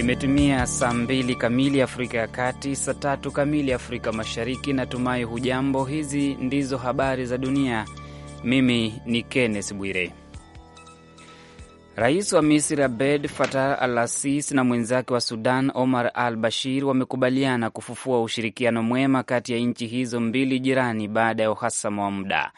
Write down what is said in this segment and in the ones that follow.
Imetumia saa mbili kamili Afrika ya Kati, saa tatu kamili Afrika Mashariki. Natumai hujambo. Hizi ndizo habari za dunia. Mimi ni Kenneth Bwire. Rais wa Misri abed Fattah al-Sisi na mwenzake wa Sudan Omar al-Bashir wamekubaliana kufufua ushirikiano mwema kati ya nchi hizo mbili jirani baada ya uhasama wa muda.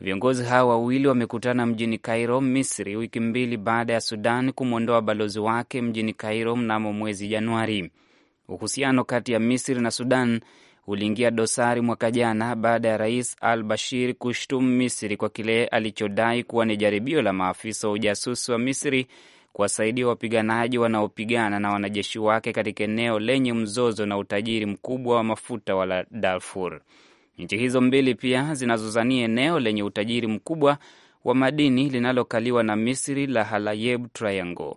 Viongozi hao wawili wamekutana mjini Cairo, Misri, wiki mbili baada ya Sudan kumwondoa balozi wake mjini Cairo mnamo mwezi Januari. Uhusiano kati ya Misri na Sudan uliingia dosari mwaka jana baada ya rais Al Bashir kushtumu Misri kwa kile alichodai kuwa ni jaribio la maafisa wa ujasusi wa Misri kuwasaidia wapiganaji wanaopigana na wanajeshi wake katika eneo lenye mzozo na utajiri mkubwa wa mafuta wa Darfur. Nchi hizo mbili pia zinazozania eneo lenye utajiri mkubwa wa madini linalokaliwa na Misri la Halayeb Triangle.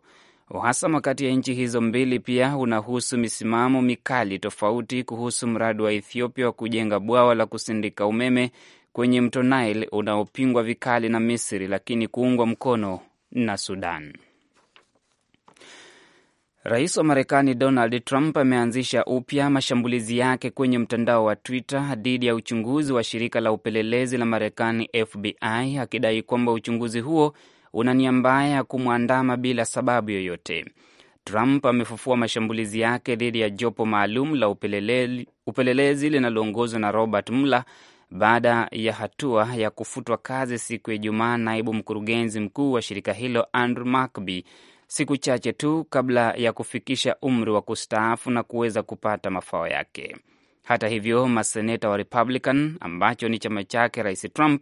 Uhasama kati ya nchi hizo mbili pia unahusu misimamo mikali tofauti kuhusu mradi wa Ethiopia wa kujenga bwawa la kusindika umeme kwenye mto Nile unaopingwa vikali na Misri lakini kuungwa mkono na Sudan. Rais wa Marekani Donald Trump ameanzisha upya mashambulizi yake kwenye mtandao wa Twitter dhidi ya uchunguzi wa shirika la upelelezi la Marekani FBI, akidai kwamba uchunguzi huo una nia mbaya ya kumwandama bila sababu yoyote. Trump amefufua mashambulizi yake dhidi ya jopo maalum la upelelezi, upelelezi linaloongozwa na Robert Mueller baada ya hatua ya kufutwa kazi siku ya Ijumaa naibu mkurugenzi mkuu wa shirika hilo Andrew McCabe siku chache tu kabla ya kufikisha umri wa kustaafu na kuweza kupata mafao yake. Hata hivyo, maseneta wa Republican ambacho ni chama chake Rais Trump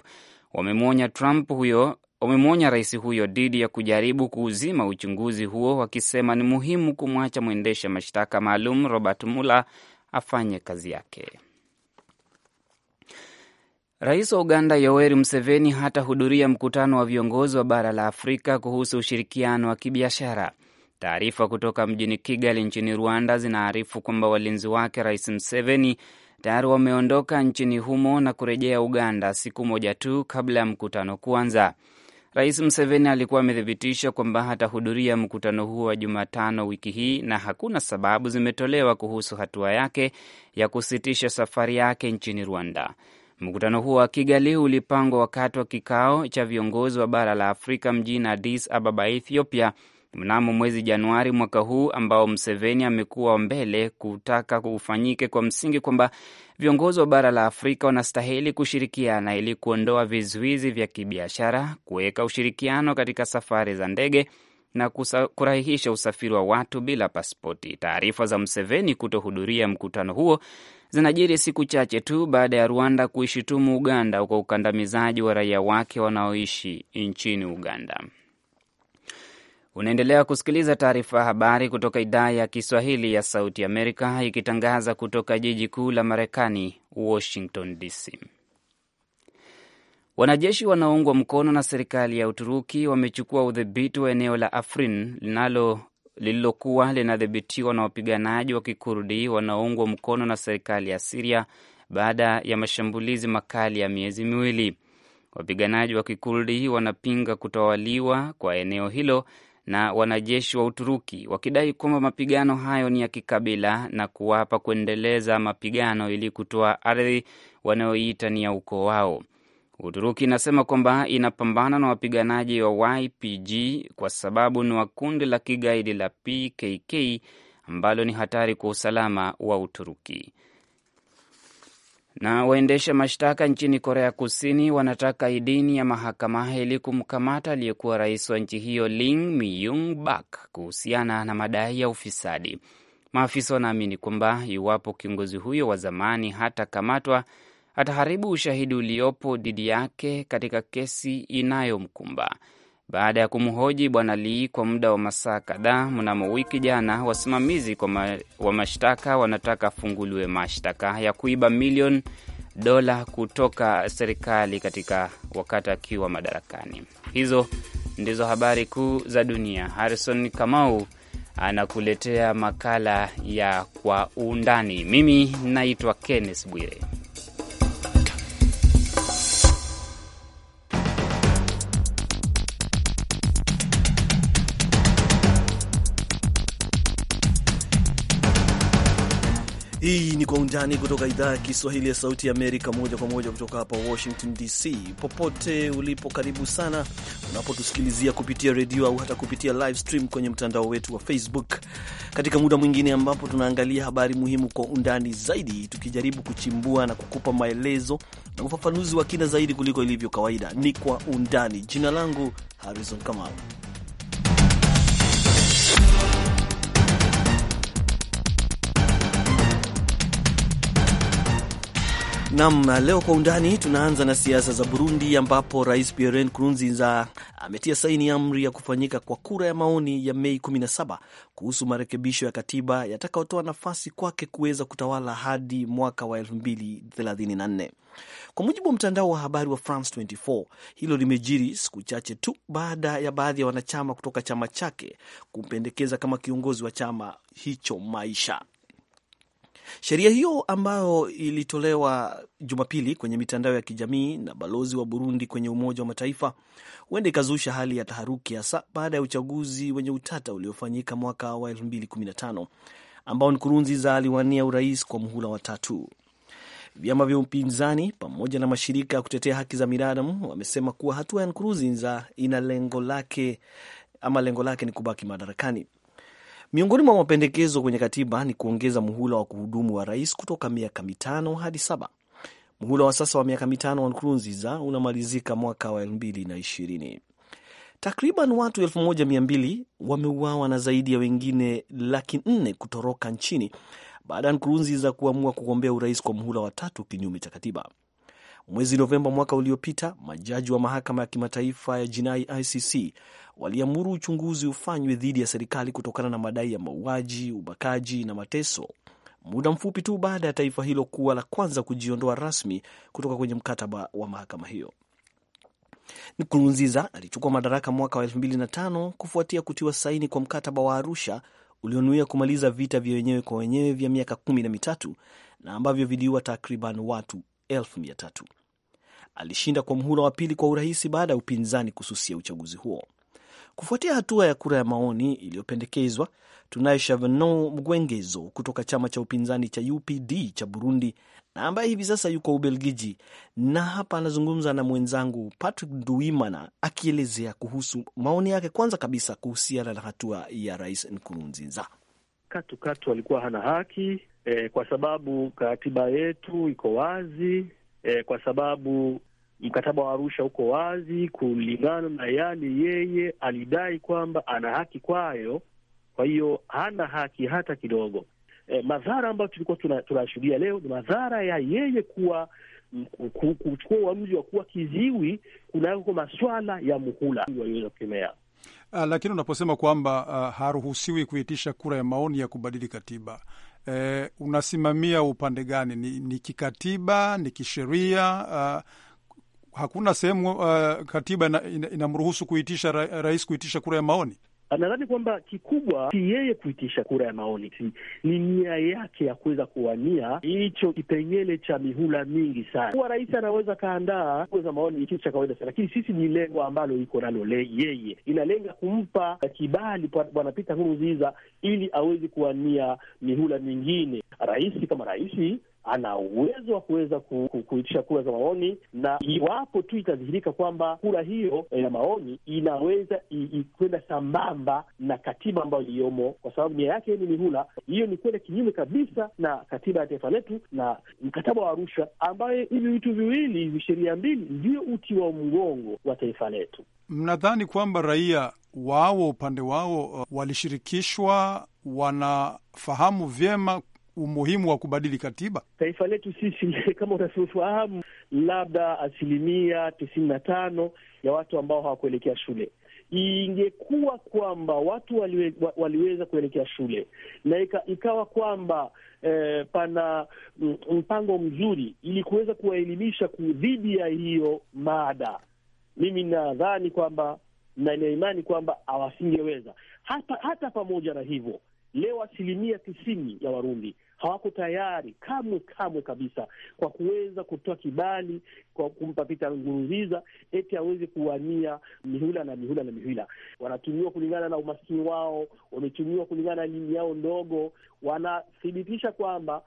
wamemwonya Trump huyo wamemwonya rais huyo dhidi ya kujaribu kuuzima uchunguzi huo, wakisema ni muhimu kumwacha mwendesha mashtaka maalum Robert Mueller afanye kazi yake. Rais wa Uganda Yoweri Museveni hatahudhuria mkutano wa viongozi wa bara la Afrika kuhusu ushirikiano wa kibiashara. Taarifa kutoka mjini Kigali nchini Rwanda zinaarifu kwamba walinzi wake Rais Museveni tayari wameondoka nchini humo na kurejea Uganda siku moja tu kabla ya mkutano kuanza. Rais Museveni alikuwa amethibitisha kwamba hatahudhuria mkutano huo wa Jumatano wiki hii na hakuna sababu zimetolewa kuhusu hatua yake ya kusitisha safari yake nchini Rwanda. Mkutano huo wa Kigali ulipangwa wakati wa kikao cha viongozi wa bara la Afrika mjini Addis Ababa, Ethiopia, mnamo mwezi Januari mwaka huu, ambao Mseveni amekuwa mbele kutaka kufanyike kwa msingi kwamba viongozi wa bara la Afrika wanastahili kushirikiana ili kuondoa vizuizi vya kibiashara, kuweka ushirikiano katika safari za ndege na kurahisisha usafiri wa watu bila paspoti Taarifa za Mseveni kutohudhuria mkutano huo zinajiri siku chache tu baada ya Rwanda kuishutumu Uganda kwa ukandamizaji wa raia wake wanaoishi nchini Uganda. Unaendelea kusikiliza taarifa ya habari kutoka idhaa ya Kiswahili ya Sauti Amerika ikitangaza kutoka jiji kuu la Marekani, Washington DC. Wanajeshi wanaoungwa mkono na serikali ya Uturuki wamechukua udhibiti wa eneo la Afrin linalo lililokuwa linadhibitiwa na wapiganaji wa kikurdi wanaoungwa mkono na serikali ya Siria baada ya mashambulizi makali ya miezi miwili. Wapiganaji wa kikurdi wanapinga kutawaliwa kwa eneo hilo na wanajeshi wa Uturuki wakidai kwamba mapigano hayo ni ya kikabila na kuwapa kuendeleza mapigano ili kutoa ardhi wanayoiita ni ya ukoo wao. Uturuki inasema kwamba inapambana na wapiganaji wa YPG kwa sababu ni wa kundi la kigaidi la PKK ambalo ni hatari kwa usalama wa Uturuki. Na waendesha mashtaka nchini Korea Kusini wanataka idini ya mahakama ili kumkamata aliyekuwa rais wa nchi hiyo Ling Miyung Bak kuhusiana na madai ya ufisadi. Maafisa wanaamini kwamba iwapo kiongozi huyo wa zamani hatakamatwa ataharibu ushahidi uliopo dhidi yake katika kesi inayomkumba. Baada ya kumhoji Bwana Lee kwa muda wa masaa kadhaa mnamo wiki jana, wasimamizi ma wa mashtaka wanataka afunguliwe mashtaka ya kuiba milioni dola kutoka serikali katika wakati akiwa madarakani. Hizo ndizo habari kuu za dunia. Harrison Kamau anakuletea makala ya kwa undani. Mimi naitwa Kenneth Bwire. Hii ni Kwa Undani kutoka idhaa ya Kiswahili ya Sauti ya Amerika, moja kwa moja kutoka hapa Washington DC. Popote ulipo, karibu sana unapotusikilizia kupitia redio au hata kupitia live stream kwenye mtandao wetu wa Facebook, katika muda mwingine ambapo tunaangalia habari muhimu kwa undani zaidi, tukijaribu kuchimbua na kukupa maelezo na ufafanuzi wa kina zaidi kuliko ilivyo kawaida. Ni Kwa Undani. Jina langu Harrison Kamau. Nam, leo kwa undani tunaanza na siasa za Burundi, ambapo rais Pierre Nkurunziza ametia saini amri ya kufanyika kwa kura ya maoni ya Mei 17 kuhusu marekebisho ya katiba yatakayotoa nafasi kwake kuweza kutawala hadi mwaka wa 2034 kwa mujibu wa mtandao wa habari wa France 24. Hilo limejiri siku chache tu baada ya baadhi ya wanachama kutoka chama chake kumpendekeza kama kiongozi wa chama hicho Maisha Sheria hiyo ambayo ilitolewa Jumapili kwenye mitandao ya kijamii na balozi wa Burundi kwenye Umoja wa Mataifa huenda ikazusha hali ya taharuki, hasa baada ya uchaguzi wenye utata uliofanyika mwaka wa 2015 ambao Nkurunziza aliwania urais kwa muhula wa tatu. Vyama vya upinzani pamoja na mashirika ya kutetea haki za binadamu wamesema kuwa hatua ya Nkurunziza ina lengo lake ama lengo lake ni kubaki madarakani. Miongoni mwa mapendekezo kwenye katiba ni kuongeza muhula wa kuhudumu wa rais kutoka miaka mitano hadi saba. Muhula wa sasa wa miaka mitano wa Nkurunziza unamalizika mwaka wa ishirini. Takriban watu mbili wameuawa na zaidi ya wengine laki nne kutoroka nchini baada ya Nkurunziza kuamua kugombea urais kwa muhula wa tatu kinyume cha katiba. Mwezi Novemba mwaka uliopita, majaji wa mahakama ya kimataifa ya jinai ICC waliamuru uchunguzi ufanywe dhidi ya serikali kutokana na madai ya mauaji, ubakaji na mateso, muda mfupi tu baada ya taifa hilo kuwa la kwanza kujiondoa rasmi kutoka kwenye mkataba wa mahakama hiyo. Nkurunziza alichukua madaraka mwaka wa 2005 kufuatia kutiwa saini kwa mkataba wa Arusha ulionuia kumaliza vita vya wenyewe kwa wenyewe vya miaka kumi na mitatu na ambavyo viliua takriban watu elfu mia tatu alishinda kwa mhula wa pili kwa urahisi baada ya upinzani kususia uchaguzi huo. Kufuatia hatua ya kura ya maoni iliyopendekezwa, tunaye Chavenon Mgwengezo kutoka chama cha upinzani cha UPD cha Burundi na ambaye hivi sasa yuko Ubelgiji, na hapa anazungumza na mwenzangu Patrick nduimana akielezea kuhusu maoni yake, kwanza kabisa kuhusiana na hatua ya Rais Nkurunziza. Katukatu alikuwa hana haki e, kwa sababu katiba yetu iko wazi e, kwa sababu Mkataba wa Arusha uko wazi kulingana na yale yeye alidai kwamba ana haki kwayo, kwa hiyo hana haki hata kidogo. E, madhara ambayo tulikuwa tunashuhudia leo ni madhara ya yeye kuwa kuchukua uamuzi wa kuwa kiziwi kunako maswala ya muhula waliweza kukemea. Uh, ah, lakini unaposema kwamba uh, haruhusiwi kuitisha kura ya maoni ya kubadili katiba uh, e, unasimamia upande gani? Ni, ni kikatiba? Ni kisheria? uh, hakuna sehemu uh, katiba inamruhusu ina kuitisha ra, rais kuitisha kura ya maoni. Nadhani kwamba kikubwa si yeye kuitisha kura ya maoni, si ni nia yake ya kuweza kuwania hicho kipengele cha mihula mingi sana. Kuwa rais anaweza kaandaa kura za maoni, kitu cha kawaida sana, lakini sisi ni lengo ambalo iko nalo yeye, inalenga kumpa kibali Bwana Pita Nkurunziza ili aweze kuwania mihula mingine. Rais kama rais ana uwezo wa kuweza kuitisha kura za maoni, na iwapo tu itadhihirika kwamba kura hiyo eh, ya maoni inaweza kwenda sambamba na katiba ambayo iliyomo, kwa sababu nia yake ni mihula, hiyo ni kwenda kinyume kabisa na katiba ya taifa letu na mkataba wa Arusha, ambayo hivi vitu viwili, hivi sheria mbili, ndio uti wa mgongo wa taifa letu. Mnadhani kwamba raia wao upande wao walishirikishwa, wanafahamu vyema umuhimu wa kubadili katiba? Taifa letu sisi kama unavyofahamu, labda asilimia tisini na tano ya watu ambao hawakuelekea shule Ingekuwa kwamba watu waliwe, waliweza kuelekea shule na ikawa kwamba eh, pana mpango mzuri ili kuweza kuwaelimisha dhidi ya hiyo mada, mimi nadhani kwamba na ina imani kwamba hawasingeweza hata, hata pamoja na hivyo, leo asilimia tisini ya Warundi hawako tayari kamwe kamwe kabisa kwa kuweza kutoa kibali kwa kumpa Pita Nguruziza eti aweze kuwania mihula na mihula na mihula. Wanatumiwa kulingana na umaskini wao, wametumiwa kulingana na dini yao ndogo. Wanathibitisha kwamba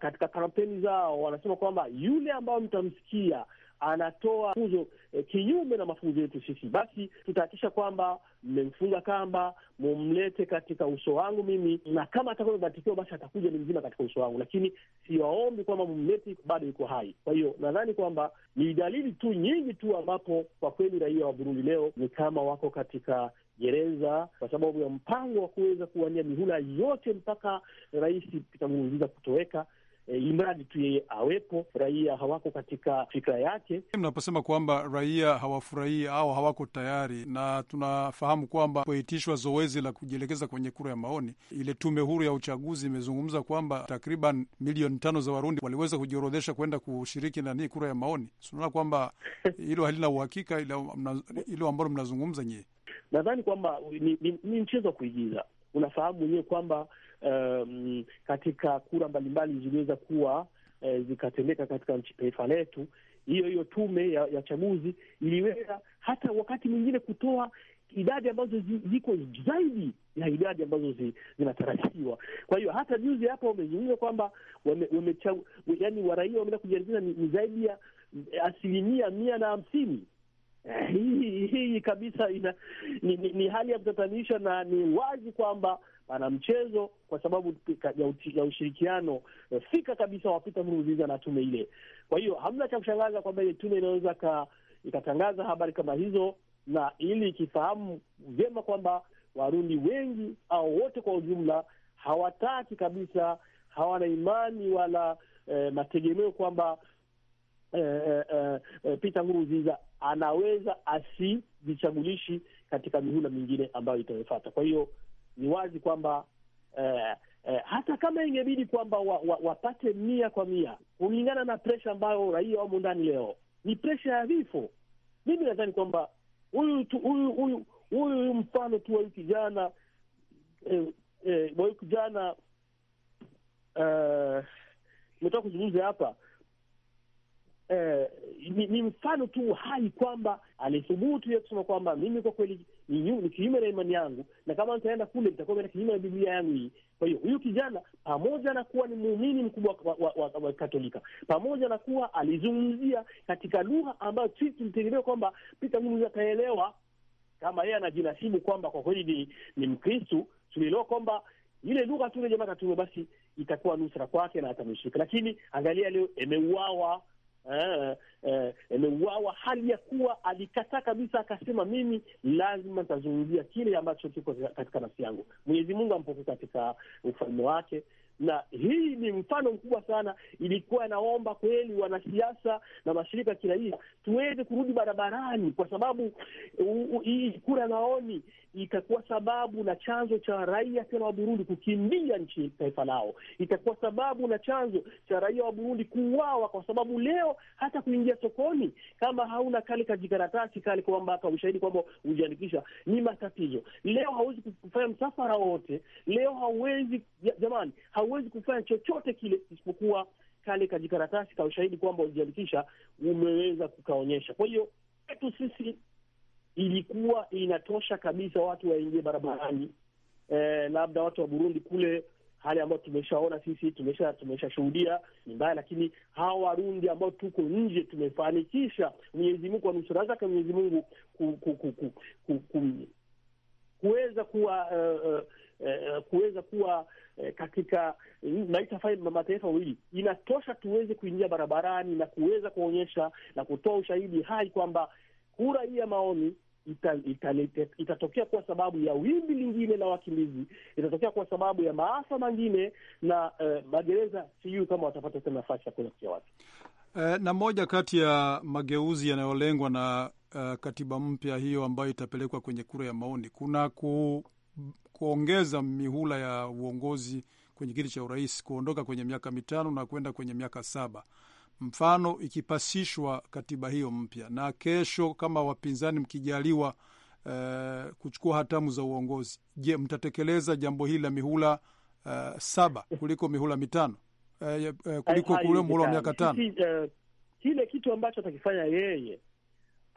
katika kampeni zao wanasema kwamba yule ambayo mtamsikia anatoa funzo e, kinyume na mafunzo yetu sisi, basi tutahakikisha kwamba mmemfunga kamba, mumlete katika uso wangu mimi, na kama atakuwa amebarikiwa, basi atakuja ni mzima katika uso wangu, lakini siwaombi kwamba mumlete bado yuko hai. Kwa hiyo nadhani kwamba ni dalili tu nyingi tu ambapo kwa kweli raia wa Burundi leo ni kama wako katika gereza kwa sababu ya mpango wa kuweza kuwania mihula yote mpaka Rais Pierre Nkurunziza kutoweka e, imradi tu yeye awepo, raia hawako katika fikra yake. Mnaposema kwamba raia hawafurahii au hawako tayari, na tunafahamu kwamba poitishwa zoezi la kujielekeza kwenye kura ya maoni, ile tume huru ya uchaguzi imezungumza kwamba takriban milioni tano za Warundi waliweza kujiorodhesha kwenda kushiriki nani kura ya maoni. Tunaona kwamba hilo halina uhakika, hilo ambalo mnazungumza nyie. Nadhani kwamba ni, ni, ni mchezo wa kuigiza. Unafahamu mwenyewe kwamba um, katika kura mbalimbali ziliweza kuwa eh, zikatendeka katika nchi taifa letu. Hiyo hiyo tume ya, ya chaguzi iliweza hata wakati mwingine kutoa idadi ambazo ziko zaidi ya idadi ambazo zi, zinatarajiwa. Kwa hiyo hata juzi hapa wamezungumza kwamba wame, wame waraia wameenda kujiandikisha ni, ni zaidi ya asilimia mia na hamsini. Eh, hii, hii kabisa ina, ni, ni, ni hali ya kutatanisha na ni wazi kwamba mchezo kwa sababu ya ushirikiano eh, fika kabisa wa mruziza na tume ile. Kwa hiyo hamna cha kushangaza kwamba ile tume inaweza ikatangaza habari kama hizo, na ili ikifahamu vyema kwamba Warundi wengi au wote kwa ujumla hawataki kabisa, hawana imani wala eh, mategemeo kwamba eh, eh, eh Pita Nguruziza anaweza asijichagulishi katika mihula mingine ambayo itayofata. Kwa hiyo ni wazi kwamba eh, eh, hata kama ingebidi kwamba wa, wa, wapate mia kwa mia kulingana na presha ambayo raia wamo ndani leo, ni presha ya vifo. Mimi nadhani kwamba huyu huyu huyu mfano tu wa wiki jana eh, eh, wa eh, imetoka kuzungumza hapa eh, ni, ni mfano tu hai kwamba alithubutu ye kusema kwamba mimi kwa kweli ni kinyume na imani yangu, na kama nitaenda kule nitakuwa ni kinyume na Biblia yangu hii. Kwa hiyo huyu kijana pamoja na kuwa ni muumini mkubwa wa, wa, wa, wa Katolika, pamoja na kuwa alizungumzia katika lugha ambayo sisi tulitegemea kwamba Peter Mnuzi ataelewa, kama yeye anajinasibu kwamba kwa kweli ni, ni Mkristu, tulielewa kwamba ile lugha tu ile jamaa katumia, basi itakuwa nusra kwake na atamshika. Lakini angalia leo, emeuawa Eh, eh, ameuawa, hali ya kuwa alikataa kabisa, akasema mimi lazima nitazungumzia kile ambacho kiko katika nafsi yangu. Mwenyezi Mungu ampoke katika ufalme wake na hii ni mfano mkubwa sana. Ilikuwa naomba kweli wanasiasa na mashirika ya kiraia tuweze kurudi barabarani, kwa sababu hii kura maoni itakuwa sababu na chanzo cha raia tena wa Burundi kukimbia nchi taifa lao, itakuwa sababu na chanzo cha raia wa Burundi kuuawa, kwa sababu leo hata kuingia sokoni kama hauna kale kajikaratasi kale kwamba ka ushahidi kwamba hujiandikisha ni matatizo. Leo hauwezi kufanya msafara wote, leo hauwezi jamani, hau hauwezi kufanya chochote kile isipokuwa kale kajikaratasi ka ushahidi kwamba ulijiandikisha umeweza kukaonyesha. Kwa hiyo kwetu sisi ilikuwa inatosha kabisa watu waingie barabarani. Eh, labda watu wa Burundi kule hali ambayo tumeshaona sisi tumesha tumeshashuhudia ni mbaya, lakini hawa Warundi ambao tuko nje tumefanikisha Mwenyezi Mungu kwa nusura zake Mwenyezi Mungu ku, ku, ku, ku, ku, ku, kuweza kuwa uh, uh, Eh, eh, kuweza kuwa eh, katika mm, naita mataifa mawili, inatosha tuweze kuingia barabarani na kuweza kuonyesha na kutoa ushahidi hai kwamba kura hii ya maoni itatokea ita, ita kwa sababu ya wimbi lingine la wakimbizi, itatokea kwa sababu ya maafa mengine na eh, magereza sijui kama watapata tena nafasi ya kuweza kutia watu eh, na moja kati ya mageuzi yanayolengwa na uh, katiba mpya hiyo ambayo itapelekwa kwenye kura ya maoni kuna ku kuongeza mihula ya uongozi kwenye kiti cha urais, kuondoka kwenye miaka mitano na kwenda kwenye miaka saba. Mfano, ikipasishwa katiba hiyo mpya na kesho, kama wapinzani mkijaliwa uh, kuchukua hatamu za uongozi, je, mtatekeleza jambo hili la mihula uh, saba kuliko mihula mitano uh, uh, kuliko kule mhula wa miaka tano? Kile kitu ambacho atakifanya yeye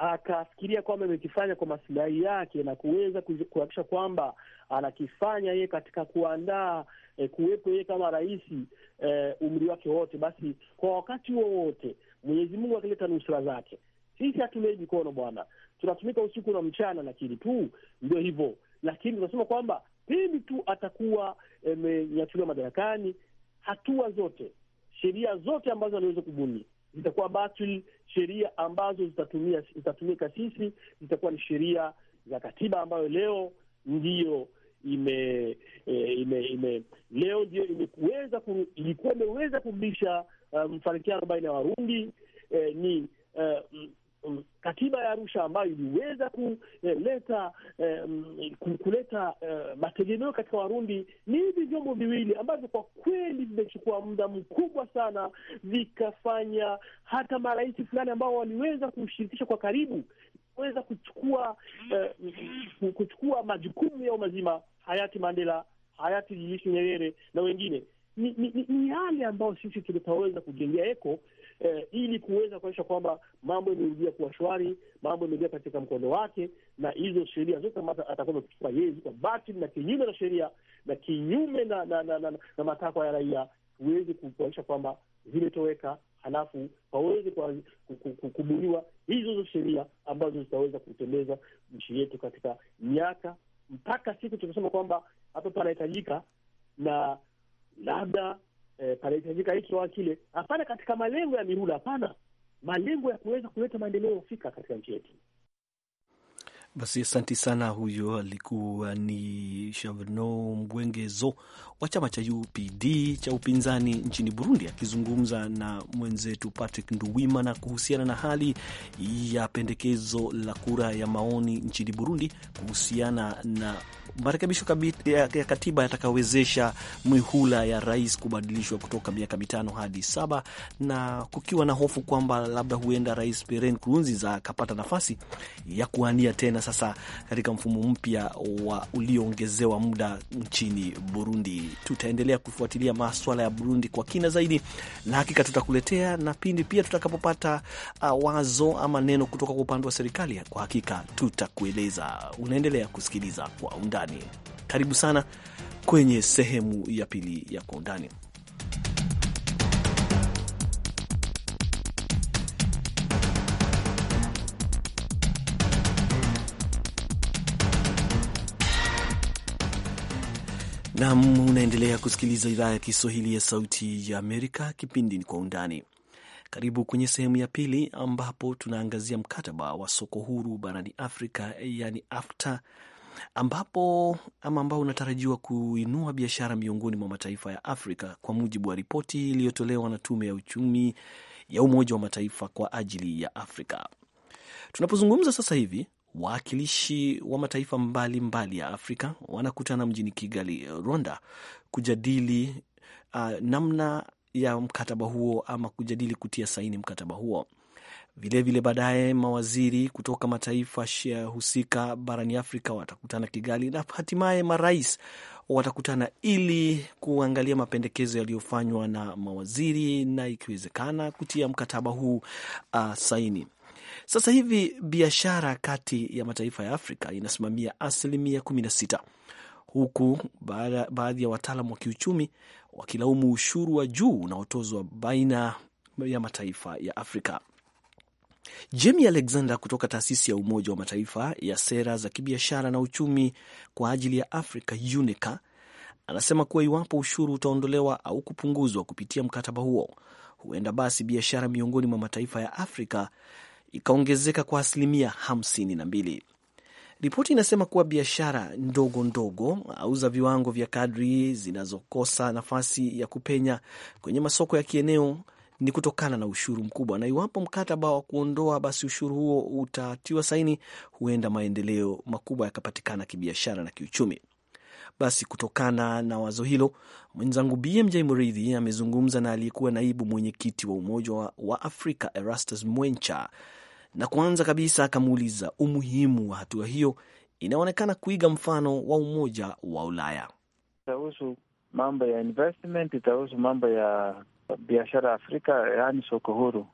akafikiria kwamba amekifanya kwa masilahi yake na kuweza kuhakikisha kwamba anakifanya yeye katika kuandaa e, kuwepo yeye kama rais e, umri wake wote, basi kwa wakati huo wote Mwenyezi Mungu akileta nusura zake. Sisi hatulei mikono bwana, tunatumika usiku na mchana, lakini tu ndio hivyo, lakini tunasema kwamba pindi tu atakuwa amenyatuliwa madarakani, hatua zote, sheria zote ambazo anaweza kubuni zitakuwa batili. Sheria ambazo zitatumia zitatumika sisi zitakuwa ni sheria za katiba ambayo leo ndiyo ime, e, ime, ime leo ndiyo imeweza ilikuwa imeweza kurudisha mfarikiano um, baina ya Warundi e, ni uh, Um, katiba ya Arusha ambayo iliweza kuleta eh, kuleta eh, mategemeo katika Warundi. Ni hivi vyombo viwili ambavyo kwa kweli vimechukua muda mkubwa sana, vikafanya hata marais fulani ambao waliweza kushirikisha kwa karibu weza kuchukua eh, kuchukua majukumu yao mazima, hayati Mandela, hayati Julius Nyerere na wengine. Ni, ni hali ambayo sisi tutaweza kujengea eko eh, ili kuweza kuonyesha kwamba mambo yamerudia kuwa shwari, mambo yamerudia katika mkondo wake, na hizo sheria zote ambazo atakuwa amekichuka yeye ziko batili na kinyume na sheria na kinyume na, na, na, na, na matakwa ya raia, huwezi kuonyesha kwamba zimetoweka halafu waweze kubuniwa hizo hizo sheria ambazo zitaweza kutembeza nchi yetu katika miaka mpaka siku tunasema kwamba hapa panahitajika, na labda eh, panahitajika hicho kile, hapana katika malengo ya mihula, hapana malengo ya kuweza kuleta maendeleo ufika katika nchi yetu. Basi asanti sana. Huyo alikuwa ni Chavno Mgwengezo wa chama cha UPD cha upinzani nchini Burundi, akizungumza na mwenzetu Patrick Nduwimana kuhusiana na hali ya pendekezo la kura ya maoni nchini Burundi kuhusiana na marekebisho ya katiba yatakawezesha mihula ya rais kubadilishwa kutoka miaka mitano hadi saba, na kukiwa na hofu kwamba labda huenda Rais Pierre Nkurunziza akapata nafasi ya kuania tena sasa katika mfumo mpya wa ulioongezewa muda nchini Burundi. Tutaendelea kufuatilia maswala ya Burundi kwa kina zaidi, na hakika tutakuletea na pindi pia tutakapopata uh, wazo ama neno kutoka kwa upande wa serikali, kwa hakika tutakueleza. Unaendelea kusikiliza Kwa Undani. Karibu sana kwenye sehemu ya pili ya Kwa Undani. Nam, unaendelea kusikiliza idhaa ya Kiswahili ya Sauti ya Amerika. Kipindi ni Kwa Undani. Karibu kwenye sehemu ya pili, ambapo tunaangazia mkataba wa soko huru barani Afrika, yani afta ambapo ama ambao unatarajiwa kuinua biashara miongoni mwa mataifa ya Afrika kwa mujibu wa ripoti iliyotolewa na Tume ya Uchumi ya Umoja wa Mataifa kwa ajili ya Afrika. Tunapozungumza sasa hivi, waakilishi wa mataifa mbalimbali mbali ya Afrika wanakutana mjini Kigali, Rwanda, kujadili uh, namna ya mkataba huo ama kujadili kutia saini mkataba huo. Vilevile baadaye mawaziri kutoka mataifa husika barani Afrika watakutana Kigali, na hatimaye marais watakutana ili kuangalia mapendekezo yaliyofanywa na mawaziri na ikiwezekana kutia mkataba huu uh, saini. Sasa hivi biashara kati ya mataifa ya Afrika inasimamia asilimia sita huku baadhi ya wataalam wa kiuchumi wakilaumu ushuru wa juu unaotozwa baina ya mataifa ya Afrika. Jamie Alexander kutoka taasisi ya Umoja wa Mataifa ya sera za kibiashara na uchumi kwa ajili ya Afrika, UNICA, anasema kuwa iwapo ushuru utaondolewa au kupunguzwa kupitia mkataba huo, huenda basi biashara miongoni mwa mataifa ya Afrika ikaongezeka kwa asilimia 52. Ripoti inasema kuwa biashara ndogo ndogo au za viwango vya kadri zinazokosa nafasi ya kupenya kwenye masoko ya kieneo ni kutokana na ushuru mkubwa, na iwapo mkataba wa kuondoa basi ushuru huo utatiwa saini, huenda maendeleo makubwa yakapatikana kibiashara na kiuchumi. Basi kutokana na wazo hilo, mwenzangu BMJ Mridhi amezungumza na aliyekuwa naibu mwenyekiti wa Umoja wa Afrika Erastus Mwencha na kwanza kabisa akamuuliza umuhimu wa hatua hiyo inaonekana kuiga mfano wa Umoja wa Ulaya. Itahusu mambo ya investment, itahusu mambo ya biashara Afrika, yaani soko huru.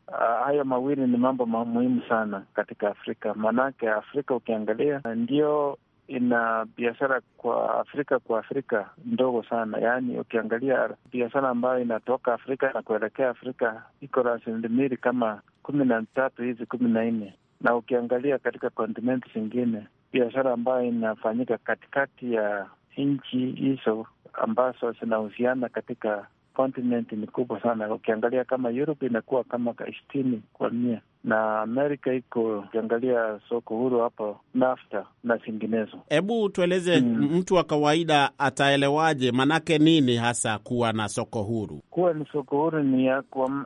Hayo mawili ni mambo muhimu sana katika Afrika, maanake Afrika ukiangalia ndio ina biashara kwa Afrika kwa Afrika ndogo sana, yaani ukiangalia biashara ambayo inatoka Afrika na kuelekea Afrika iko rasilimali kama kumi na tatu hizi kumi na nne na ukiangalia katika kontinenti zingine biashara ambayo inafanyika katikati ya nchi hizo ambazo zinahusiana katika continent ni kubwa sana. Ukiangalia kama Europe inakuwa kama sitini kwa mia na Amerika iko ukiangalia soko huru hapo NAFTA na zinginezo. Hebu tueleze mm, mtu wa kawaida ataelewaje? Maanake nini hasa kuwa na soko huru? Kuwa ni soko huru ni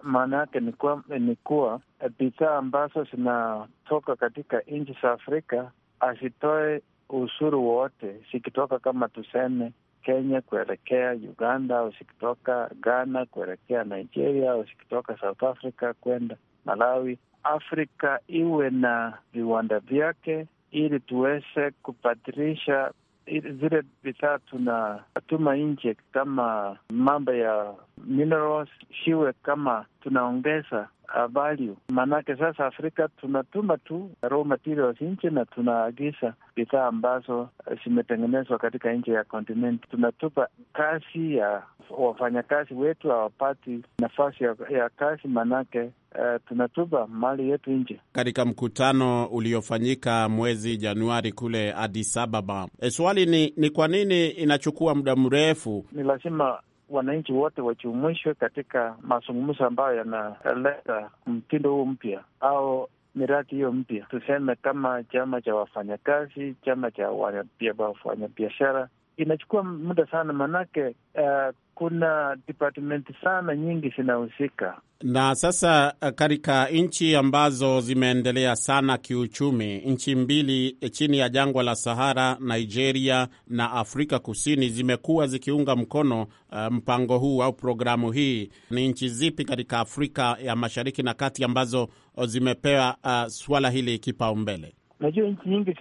maana yake ni kuwa, kuwa eh, bidhaa ambazo zinatoka katika nchi za Afrika asitoe usuru wowote zikitoka kama tuseme Kenya kuelekea Uganda au zikitoka Ghana kuelekea Nigeria au zikitoka South Africa kwenda Malawi. Afrika iwe na viwanda vyake ili tuweze kubadilisha zile bidhaa tunatuma nje kama mambo ya minerals, shiwe kama tunaongeza Uh, value. Maanake sasa Afrika tunatuma tu raw materials nje na tunaagiza bidhaa ambazo uh, zimetengenezwa katika nje ya kontinenti. Tunatupa kazi ya wafanyakazi wetu, hawapati nafasi ya, ya kazi maanake Uh, tunatupa mali yetu nje. Katika mkutano uliofanyika mwezi Januari kule Addis Ababa, e, swali ni ni kwa nini inachukua muda mrefu? Ni lazima wananchi wote wajumuishwe katika mazungumzo ambayo yanaleta mtindo huu mpya au miradi hiyo mpya, tuseme kama chama cha wafanyakazi, chama cha wafanyabiashara. Inachukua muda sana manake, uh, kuna department sana nyingi zinahusika. Na sasa eh, katika nchi ambazo zimeendelea sana kiuchumi, nchi mbili eh, chini ya jangwa la Sahara, Nigeria na Afrika Kusini, zimekuwa zikiunga mkono uh, mpango huu au programu hii. Ni nchi zipi katika Afrika ya Mashariki na Kati ambazo oh, zimepewa uh, suala hili kipaumbele? Najua nchi nyingi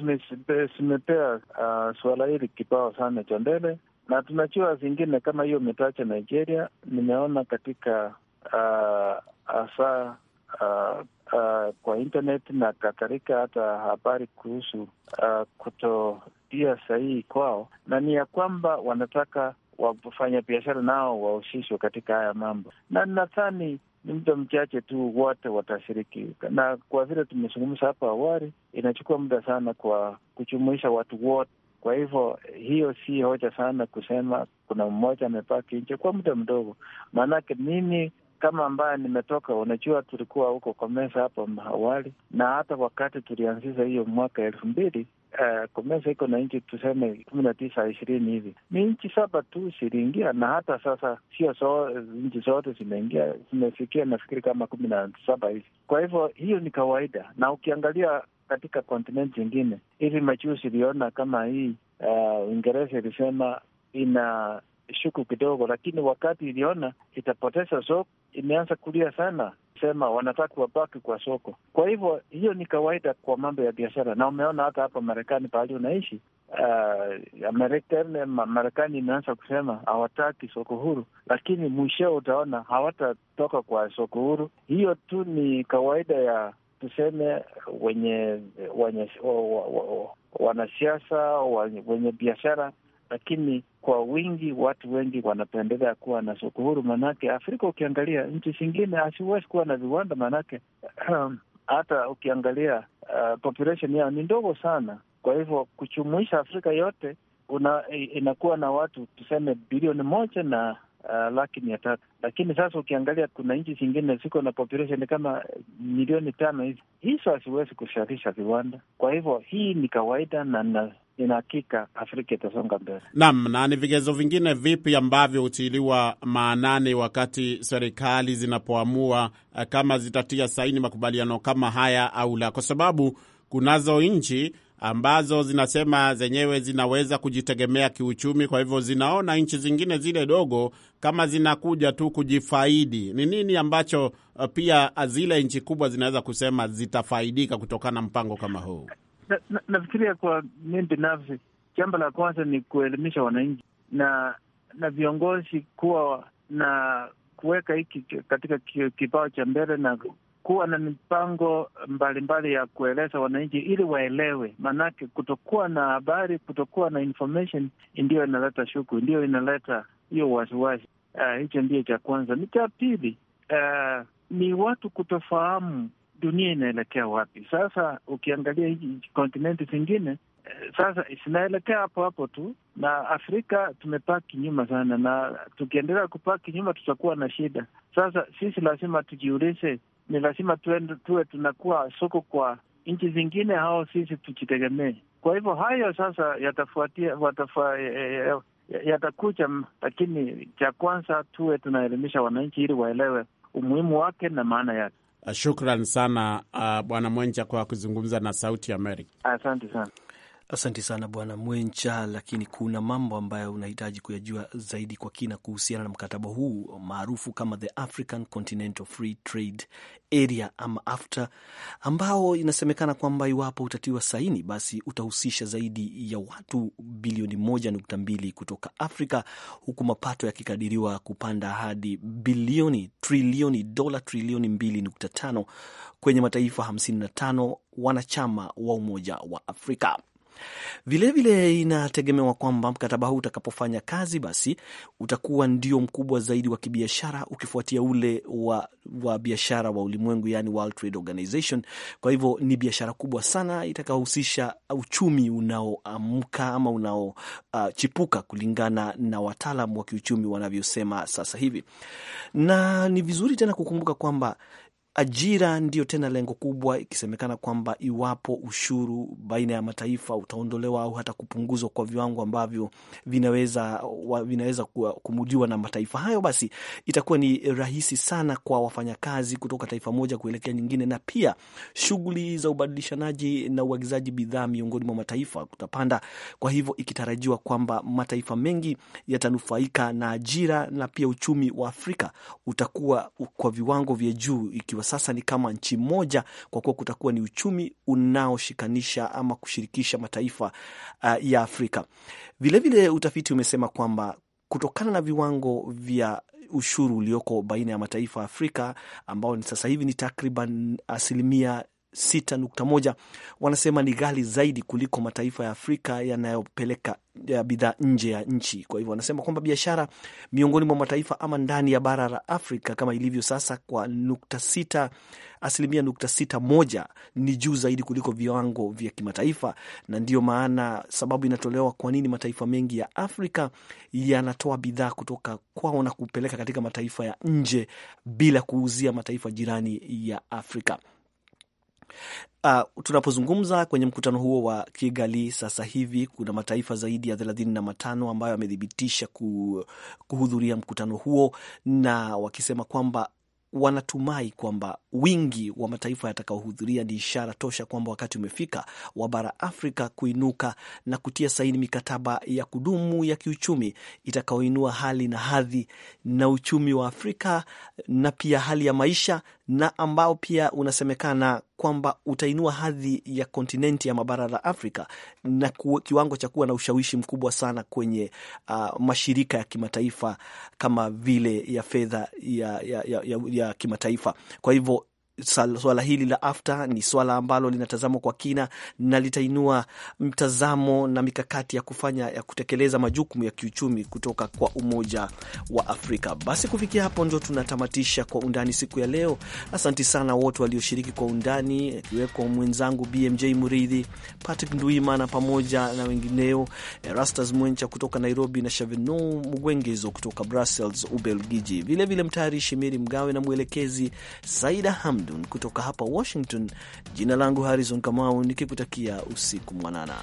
zimepewa uh, suala hili kipao sana cha mbele na tunajua zingine kama hiyo umetaja Nigeria. Nimeona katika ah, hasa uh, uh, uh, kwa internet na kadhalika, hata habari kuhusu uh, kutotia sahihi kwao, na ni ya kwamba wanataka wafanya biashara nao wahusishwe katika haya mambo, na nadhani ni muda mchache tu wote watashiriki, na kwa vile tumezungumza hapo awali, inachukua muda sana kwa kujumuisha watu wote kwa hivyo hiyo si hoja sana kusema kuna mmoja amepaki nje kwa muda mdogo, maanake mimi kama ambaye nimetoka, unajua tulikuwa huko Komesa hapo awali, na hata wakati tulianzisha hiyo mwaka elfu mbili uh, Komesa iko na nchi tuseme kumi na tisa ishirini hivi, ni nchi saba tu ziliingia, na hata sasa sio so, nchi zote zimeingia, zimefikia nafikiri kama kumi na saba hivi. Kwa hivyo hiyo ni kawaida, na ukiangalia katika kontinenti zingine. Hivi majuzi iliona kama hii uh, Uingereza uh, ilisema ina shuku kidogo, lakini wakati iliona itapoteza soko imeanza kulia sana, sema wanataka wabaki kwa soko. Kwa hivyo hiyo ni kawaida kwa mambo ya biashara, na umeona hata hapa Marekani pahali unaishi Uh, Marekani imeanza kusema hawataki soko huru, lakini mwisho utaona hawatatoka kwa soko huru. Hiyo tu ni kawaida ya tuseme wenye wenye wanasiasa wenye biashara, lakini kwa wingi, watu wengi wanapendelea kuwa na soko huru. Maanake Afrika ukiangalia nchi zingine hasiwezi kuwa na viwanda, maanake hata ukiangalia uh, population yao ni ndogo sana. Kwa hivyo kuchumuisha Afrika yote una, inakuwa na watu tuseme bilioni moja na uh, laki mia tatu. Lakini sasa ukiangalia kuna nchi zingine ziko na population kama milioni tano hivi, hizo haziwezi kusharisha viwanda. Kwa hivyo hii ni kawaida na na ina hakika Afrika itasonga mbele. Naam, na ni vigezo vingine vipi ambavyo hutiiliwa maanani wakati serikali zinapoamua uh, kama zitatia saini makubaliano kama haya au la? Kwa sababu kunazo nchi ambazo zinasema zenyewe zinaweza kujitegemea kiuchumi, kwa hivyo zinaona nchi zingine zile dogo kama zinakuja tu kujifaidi. Ni nini ambacho uh, pia zile nchi kubwa zinaweza kusema zitafaidika kutokana na mpango kama huu? Nafikiria na, na kwa mi binafsi, jambo la kwanza ni kuelimisha wananchi na na viongozi kuwa na kuweka hiki katika kipao cha mbele na kuwa na mipango mbalimbali mbali ya kueleza wananchi ili waelewe, maanake kutokuwa na habari, kutokuwa na information ndiyo inaleta shuku, ndiyo inaleta hiyo wasiwasi. Ah, hicho uh, cha kwanza. Ni cha pili uh, ni watu kutofahamu dunia inaelekea wapi. Sasa ukiangalia hii kontinenti zingine eh, sasa zinaelekea hapo hapo tu, na Afrika tumepaki nyuma sana, na tukiendelea kupaa kinyuma tutakuwa na shida. Sasa sisi lazima tujiulize ni lazima tuwe tunakuwa soko kwa nchi zingine au sisi tujitegemee. Kwa hivyo hayo sasa yatafuatia eh, eh, eh, yatakuja, lakini cha kwanza tuwe tunaelimisha wananchi ili waelewe umuhimu wake na maana yake. Ah, shukran sana uh, Bwana Mwenja kwa kuzungumza na Sauti Amerika. Asante sana. Asante sana Bwana Mwencha, lakini kuna mambo ambayo unahitaji kuyajua zaidi kwa kina kuhusiana na mkataba huu maarufu kama the African Continental Free Trade Area ama AFTA, ambao inasemekana kwamba iwapo utatiwa saini, basi utahusisha zaidi ya watu bilioni moja nukta mbili kutoka Afrika, huku mapato yakikadiriwa kupanda hadi bilioni trilioni dola trilioni mbili nukta tano kwenye mataifa tano wanachama wa Umoja wa Afrika. Vilevile inategemewa kwamba mkataba huu utakapofanya kazi, basi utakuwa ndio mkubwa zaidi wa kibiashara ukifuatia ule wa, wa biashara wa ulimwengu, yani World Trade Organization. Kwa hivyo ni biashara kubwa sana itakayohusisha uchumi unaoamka ama unaochipuka uh, kulingana na wataalam wa kiuchumi wanavyosema sasa hivi, na ni vizuri tena kukumbuka kwamba ajira ndiyo tena lengo kubwa, ikisemekana kwamba iwapo ushuru baina ya mataifa utaondolewa au hata kupunguzwa kwa viwango ambavyo vinaweza, vinaweza kumudiwa na mataifa hayo, basi itakuwa ni rahisi sana kwa wafanyakazi kutoka taifa moja kuelekea nyingine, na pia shughuli za ubadilishanaji na uagizaji bidhaa miongoni mwa mataifa kutapanda. Kwa hivyo ikitarajiwa kwamba mataifa mengi yatanufaika na ajira, na pia uchumi wa Afrika utakuwa kwa viwango vya juu ikiwa ikiwa sasa ni kama nchi moja, kwa kuwa kutakuwa ni uchumi unaoshikanisha ama kushirikisha mataifa uh, ya Afrika. Vilevile vile utafiti umesema kwamba kutokana na viwango vya ushuru ulioko baina ya mataifa ya Afrika ambao ni sasa hivi ni takriban asilimia 6.1 wanasema ni ghali zaidi kuliko mataifa ya Afrika yanayopeleka ya bidhaa nje ya nchi. Kwa hivyo wanasema kwamba biashara miongoni mwa mataifa ama ndani ya bara la Afrika kama ilivyo sasa kwa nukta sita, asilimia nukta sita moja ni juu zaidi kuliko viwango vya kimataifa, na ndiyo maana sababu inatolewa kwa nini mataifa mengi ya Afrika yanatoa bidhaa kutoka kwao na kupeleka katika mataifa ya nje bila kuuzia mataifa jirani ya Afrika. Uh, tunapozungumza kwenye mkutano huo wa Kigali sasa hivi kuna mataifa zaidi ya thelathini na matano ambayo yamethibitisha kuhudhuria mkutano huo na wakisema kwamba wanatumai kwamba wingi wa mataifa yatakaohudhuria ni ishara tosha kwamba wakati umefika wa bara Afrika kuinuka na kutia saini mikataba ya kudumu ya kiuchumi itakaoinua hali na hadhi na uchumi wa Afrika na pia hali ya maisha, na ambao pia unasemekana kwamba utainua hadhi ya kontinenti ya mabara la Afrika na kiwango cha kuwa na ushawishi mkubwa sana kwenye uh, mashirika ya kimataifa kama vile ya fedha ya, ya, ya, ya, ya ya kimataifa. Kwa hivyo swala hili la AfTA ni swala ambalo linatazamwa kwa kina na litainua mtazamo na mikakati ya kufanya ya kutekeleza majukumu ya kiuchumi kutoka kwa Umoja wa Afrika. Basi kufikia hapo ndio tunatamatisha kwa undani siku ya leo. Asanti sana wote walioshiriki kwa undani, akiweko mwenzangu BMJ Muridhi, Patrick Nduimana pamoja na wengineo, Erastus Mwencha kutoka Nairobi na Shavino mgwengezo kutoka Brussels, Ubelgiji, vilevile mtayarishi miri Mgawe na mwelekezi Saida Hamd kutoka hapa Washington. Jina langu Harrison Kamau nikikutakia usiku mwanana.